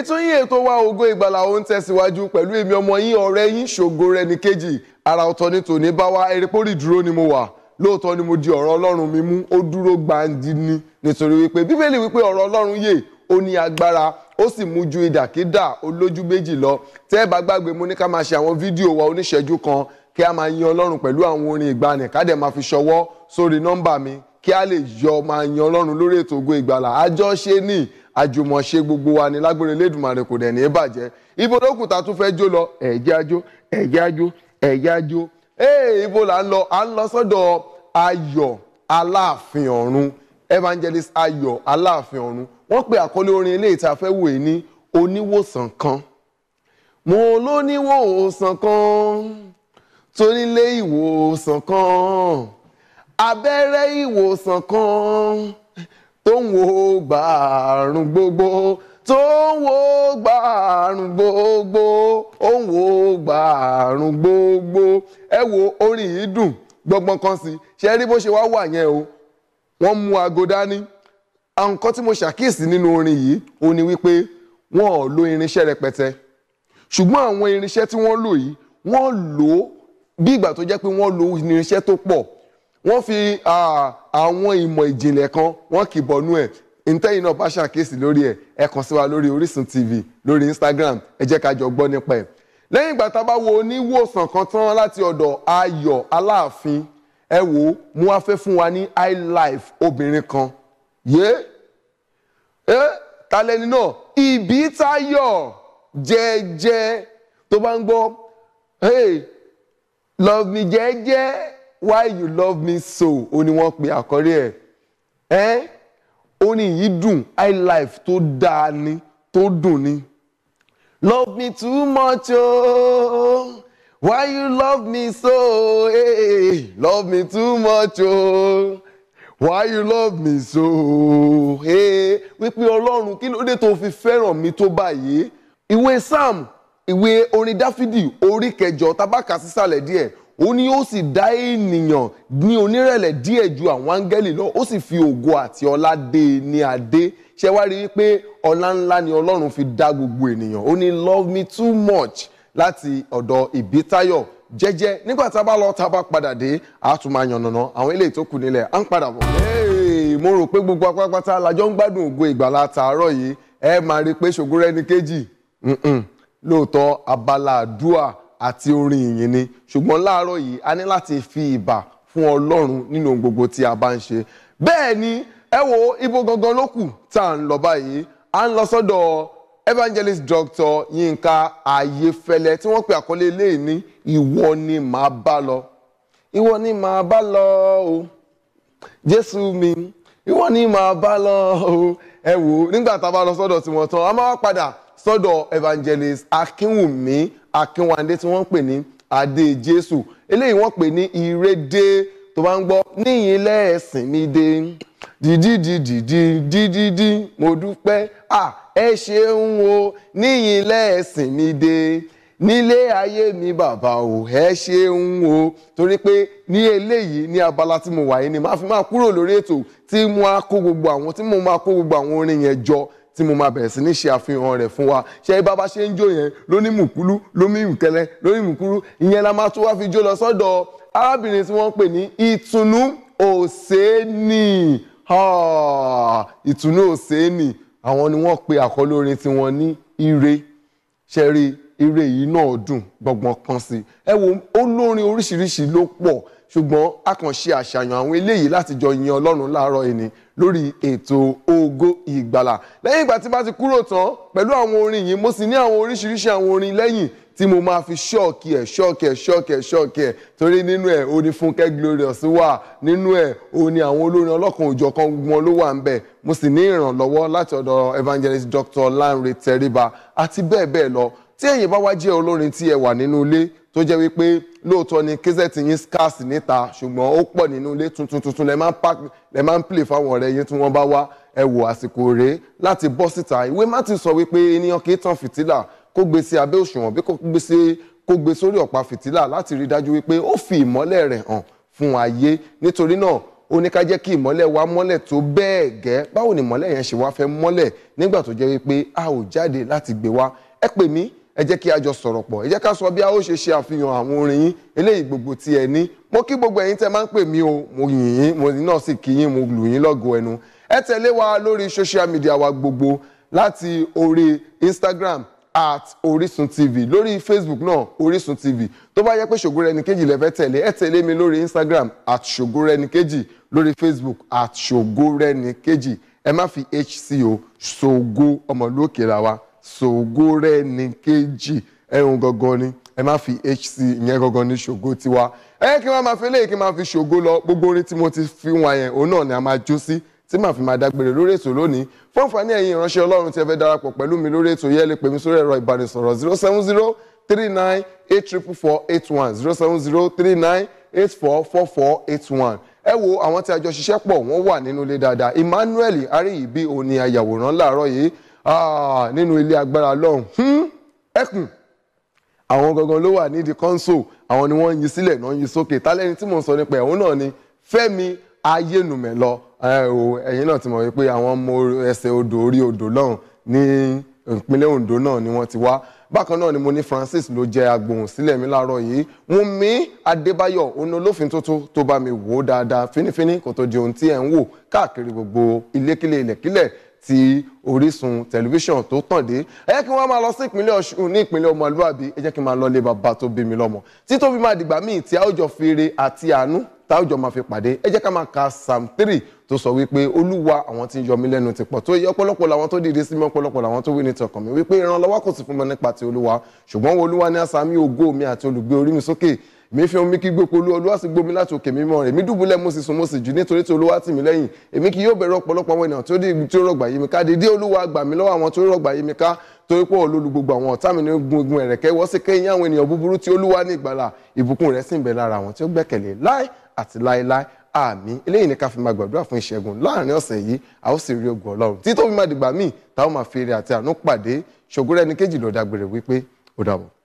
ètò yín ètò wa ògo ìgbàlà ó ń tẹ̀síwájú pẹ̀lú èmi ọmọ yín ọ̀rẹ́ yín ṣògo rẹ ní kejì ara ọ̀tọ̀ ní tòní bá wa erékórì dúró ni mo wà lóòótọ́ ni mo di ọ̀rọ̀ ọlọ́run mi mú ó dúró gbàǹdì ni nítorí wípé bíbélì wípé ọ̀rọ̀ ọlọ́run yè ó ní agbára ó sì mú ju ìdàkídà olójú méjì lọ tẹ́ ẹ bá gbàgbé mo ní ká máa ṣe àwọn fídíò wa oníṣẹ́jú kan kí a máa yin ọlọ́run pẹ̀lú àwọn orin ìgbàanì ká dẹ̀ máa fi ṣọwọ́ sórí nọ́mbà mi kí a lè yọ máa yin ọlọ́run lórí ètò ògo ìgbàlà àjọṣe ni àjùmọ̀ṣe gbogbo wa ní lágbóró Elédùmarè kò dẹ̀ ní í bàjẹ́ ibo lókùn tá a tún fẹ́ jó lọ ẹ̀jẹ̀ ajó ẹ̀jẹ̀ ajó ẹ̀jẹ̀ ajó ee ibo là ń lọ à ń lọ sọ́dọ̀ Ayọ̀ Aláàfin Ọ̀run Evangelist Ayọ̀ Aláàfin Ọ̀run wọ́n pe àkọlé orin eléyìí tá a fẹ́ wòye ní oníwòsàn kan mo lóníwòsàn kan tónílé ìwòsàn kan abẹ́rẹ́ ìwòsàn kan tó ń wo gbàrún gbogbo tó ń wo gbàrún gbogbo ó ń wo gbàrún gbogbo ẹ wo orin yìí dùn gbọgbọn kan sí ṣe rí bó ṣe wá wà yẹn o wọ́n mú aago dání nǹkan tí mo ṣàkíyèsí nínú orin yìí ó ní wípé wọn ò lo irinṣẹ́ rẹpẹtẹ ṣùgbọ́n àwọn irinṣẹ́ tí wọ́n lò yìí wọ́n lò ó bí ìgbà tó jẹ́ pé wọ́n lo irinṣẹ́ tó pọ̀ wọ́n fi àwọn ìmọ̀ ìjìnlẹ̀ kan wọ́n kì bọ̀nú ẹ̀ ntẹ́yìn náà bá ṣàkíyèsí lórí ẹ̀ ẹ kàn sí wa lórí Orísun TV lórí Instagram ẹ jẹ́ ká jọ gbọ́ nípa ẹ̀. lẹ́yìn ìgbà tá a bá wo oníwòsàn kan tán láti ọ̀dọ̀ Ayọ̀ Aláàfin ẹ wò ó mú wá fẹ́ fún wa ní high life obìnrin kan yé ẹ talẹ́ni náà Ìbítayọ̀ jẹ́jẹ́ tó bá ń gbọ́ hey love me jẹ́jẹ́ why you love me so ó ní wọ́n pe àkọ́rí ẹ̀ ẹ́ ó ní yìí dùn high life tó dáa ni tó dùn ni. love me too much oh. why you love me so hey, love me too much oh. why you love me so hey. wípé ọlọ́run kí ló dé tó fi fẹ́ràn mi tó báyìí ìwé Sam ìwé orin Dáfídì orí kẹjọ tabaka sísàlẹ̀ díẹ̀ ó ní ó sì dá ènìyàn ní onírẹ̀lẹ̀ díẹ̀ ju àwọn áńgẹ́lì lọ ó sì fi ògo àti ọlá dé e ní adé ṣé wá rí i pé ọlá ńlá ni ọlọ́run fi dá gbogbo ènìyàn ó ní love me too much láti ọ̀dọ̀ ìbítayọ̀ jẹ́jẹ́ nígbà tá a bá lọ tá a bá padà dé a tún máa yànnàná àwọn eléyìí tó kù nílẹ̀ à ń padà bọ̀. mo rò pé gbogbo apápátá làjọ ń gbádùn ògo ìgbàlà tààrọ̀ yìí ẹ máa rí i pé ṣògo rẹ ní lóòótọ́ abala àdúrà àti orin ìyìn ni ṣùgbọ́n láàárọ̀ yìí a ní láti fi ìbà fún ọlọ́run nínú gbogbo tí a bá ń ṣe bẹ́ẹ̀ ni ẹ wo ibo gangan ló kù tá à ń lọ báyìí à ń lọ sọ́dọ̀ evangelist doctor Yinka Ayefẹlẹ tí wọ́n pe àkọlé ilé ní ìwọ ni màá bá lọ ìwọ ni màá bá lọ o Jésù mi ìwọ ni màá bá lọ o ẹ wò nígbà tá a bá lọ sọ́dọ̀ tiwọn tán a máa wá padà sọ́dọ̀ evangelist Akínwùmí akínwándé tí wọ́n ń pè ní adé jésù eléyìí wọ́n pè ní ìrédé tó bá ń gbọ́ níyìn lẹ́ẹ̀sìn mi dé dídídídídídídí mo dúpẹ́ à ẹ ṣeun o níyìn lẹ́ẹ̀sìn mi dé nílé ayé mi bàbá o ẹ ṣeun o torí pé ní eléyìí ní abala tí mo wà yìí ni màá fi máa kúrò lórí ètò tí mo máa kó gbogbo àwọn tí mo máa kó gbogbo àwọn orin yẹn jọ tí mo máa bẹ̀rẹ̀ sí ní ṣe àfihàn rẹ̀ fún wa ṣe bá bá ṣe ń jó yẹn lóní mùkúlú lóní mùkẹlẹ lóní mùkúlú ìyẹn la máa tún wá fi jó lọ sọ́dọ̀ arábìnrin tí wọ́n ń pè ní ìtùnú òsénì ìtùnú òsénì àwọn ni wọ́n pe àkọlé orin tí wọ́n ní ire ṣe rí ire yìí náà dùn gbọ̀ngbọ̀n kan sí ẹ wo olórin oríṣiríṣi ló pọ̀ ṣùgbọ́n a kàn ṣe àṣàyàn àwọn eléyìí láti jọ yin ọlọ́run láàárọ̀ ẹni lórí ètò ògo ìgbàlà lẹ́yìn ìgbà tí bá ti kúrò tán pẹ̀lú àwọn orin yìí mo sì ní àwọn oríṣiríṣi àwọn orin lẹ́yìn tí mo máa fi ṣọ́ọ̀kì ẹ̀ ṣọ́ọ̀kì ẹ̀ ṣọ́ọ̀kì ẹ̀ ṣọ́ọ̀kì ẹ̀ torí nínú ẹ̀ ó ní Fúnkẹ́ Glorious wà nínú ẹ̀ ó ní àwọn olórin ọlọ́kan òjọ̀kan wọn ló wà ń bẹ̀ mo sì ní ìrànlọ́wọ́ láti ọ̀dọ̀ evangelist Dr. Lanre Teriba àti bẹ́ẹ̀ bẹ́ẹ̀ lọ tí ẹ̀yin bá wá jẹ́ olórin tí ẹ wà nínú ilé tó jẹ́ wípé lóòótọ́ ni kẹ́sẹ̀tì yín scarce níta ṣùgbọ́n ó pọ̀ nínú ilé tuntun tuntun lẹ máa ń pack lẹ máa ń play fáwọn ọ̀rẹ́ yín tí wọ́n bá wá ẹ wò àsìkò rèé láti bọ́ síta ìwé má ti sọ wípé ènìyàn kì í tan fìtílà kó gbé sí abẹ́ òṣùwọ̀n bí kò gbé sí kó gbé sórí ọ̀pá fìtílà láti rí dájú wípé ó fi ìmọ́lẹ̀ rẹ̀ hàn fún ayé nítorí náà ó ní ká jẹ́ kí ìmọ́lẹ̀ wa mọ́lẹ̀ tó bẹ́ẹ̀ gẹ́ báwo ni ìmọ́lẹ̀ yẹn ṣe wá fẹ́ mọ́lẹ̀ nígbà tó jẹ́ wípé a ò jáde láti gbé wá ẹ pè mí 0244 ẹ jẹ́ kí a jọ sọ̀rọ̀ pọ̀ ẹ jẹ́ ká sọ bí a ó ṣe ṣe àfihàn àwọn orin yín eléyìí gbogbo tí ẹ ní mo kí gbogbo ẹ̀yin tẹ́ máa ń pè mí o mo yìn yín mo náà sì kí yín mo lù yín lọ́gọ ẹnu ẹ tẹ̀lé wa lórí social media wa gbogbo láti orí Instagram at Orisun TV lórí Facebook náà Orisun TV tó bá yẹ pé Ṣògorẹ́nìkejì lẹ fẹ́ tẹ̀lé ẹ tẹ̀lé mi lórí Instagram at Ṣògorẹ́nìkejì lórí Facebook at Ṣògorẹ́nìkejì ẹ má fi HCO ṣògo ọmọlúòkè la ṣògo rẹ ní kejì ẹ̀hún gangan ni ẹ má fi hc ìyẹn gangan ní ṣògo tiwa ẹ kí n máa fi eléyìí kí n máa fi ṣògo lọ gbogbo orin tí mo ti fi wọn yẹn òun náà ni a máa jó sí tí màá fi máa dágbére lórí ètò lónìí fún àǹfààní ẹ̀yin ìránṣẹ́ ọlọ́run tí ẹ fẹ́ darapọ̀ pẹ̀lú mi lórí ètò yẹn lè sórí ẹ̀rọ ìbánisọ̀rọ̀ zero seven zero three nine eight triple four eight one zero seven zero three nine eight four four four eight one ẹ wo àwọn tí a jọ ṣiṣẹ́ pọ̀ wọ́n wà nínú ilé dáadáa Emmanuel Ariyibi òun ni ayàwòrán láàárọ̀ yìí Ah, nínú ilé agbára lọ́hùn hmm? ẹkùn àwọn gangan ló wà nídìí console àwọn ni wọ́n yin sílẹ̀ náà yin sókè tálẹ́ni tí mò ń sọ nípa ẹ̀hún náà ni Fẹ́mi Ayénùmẹ́lọ ẹ̀yin náà ti mọ̀ wípé àwọn ọmọ ẹsẹ̀ odò orí odò lọ́hùn ní ìpínlẹ̀ Ondo náà ni wọ́n ti wá bákan náà ni mo ní Francis ló jẹ agbohùn sílẹ̀ mi láàárọ̀ yìí Wùnmí Adébáyọ̀ òun olófin tuntun tó bá mi wò ó dáadáa fínífíní kò tó di ohun tí ẹ̀ ń wò káàkiri gbogbo ilékílẹ̀ ilẹ̀kílẹ̀ ti Orísun tẹlifíṣàn tó tàn dé ẹ jẹ́ kí wọ́n máa lọ sí ìpínlẹ̀ Ọ̀ṣun ní ìpínlẹ̀ ọmọlúwàbí ẹ jẹ́ kí n máa lọ lé bàbá tó bí mi lọ́mọ tí tó fi máa dìgbà míì tí a ó jọ fèrè àti àánú tá a ó jọ máa fi pàdé ẹ jẹ́ ká máa ka Psalm three tó sọ wípé olúwa àwọn tí ń yọ mí lẹ́nu ti pọ̀ tó yẹ ọ̀pọ̀lọpọ̀ làwọn tó dìde sí mi ọ̀pọ̀lọpọ̀ làwọn tó wí ní tọkàn mi wípé ìrànlọ́wọ́ kò sí fún mi nípa ti olúwa ṣùgbọ́n olúwa ni asà mi ògo mi àti olùgbé orí mi sókè mi fi omi kí gbogbo olú olúwa sì gbómi láti òkè mímọ́ rẹ̀ mi dùbúlẹ̀ mo sì sùn mo sì jí nítorí tí olúwa tì mí lẹ́yìn èmi kì yóò bẹ̀rù ọ̀pọ̀lọpọ̀ àwọn ènìyàn tí ó dé ibi tí ó rọ̀gbà yí mi ká dédé olúwa gbà mí lọ́wọ́ àwọn tí ó rọ̀gbà yí mi ká torí pé olólù gbogbo àwọn ọ̀tá mi ní gungun ẹ̀rẹ̀kẹ́ wọ́n sì kẹ́yìn àwọn ènìyàn búburú tí olúwa ní ìgbàlà ìbùkún rẹ̀ sì ń bẹ lára àwọn tí ó gbẹ́kẹ̀lé láì àti láéláé àmì eléyìí ni ká fi máa gbàdúrà fún ìṣẹ́gun láàrin ọ̀sẹ̀ yìí a ó sì rí ogun ọlọ́run títí tó fi máa dìgbà míì táwọn máa fi èrè àti àánú pàdé ṣògo kejì lọ́ọ́ dágbére wípé ó dàbọ̀.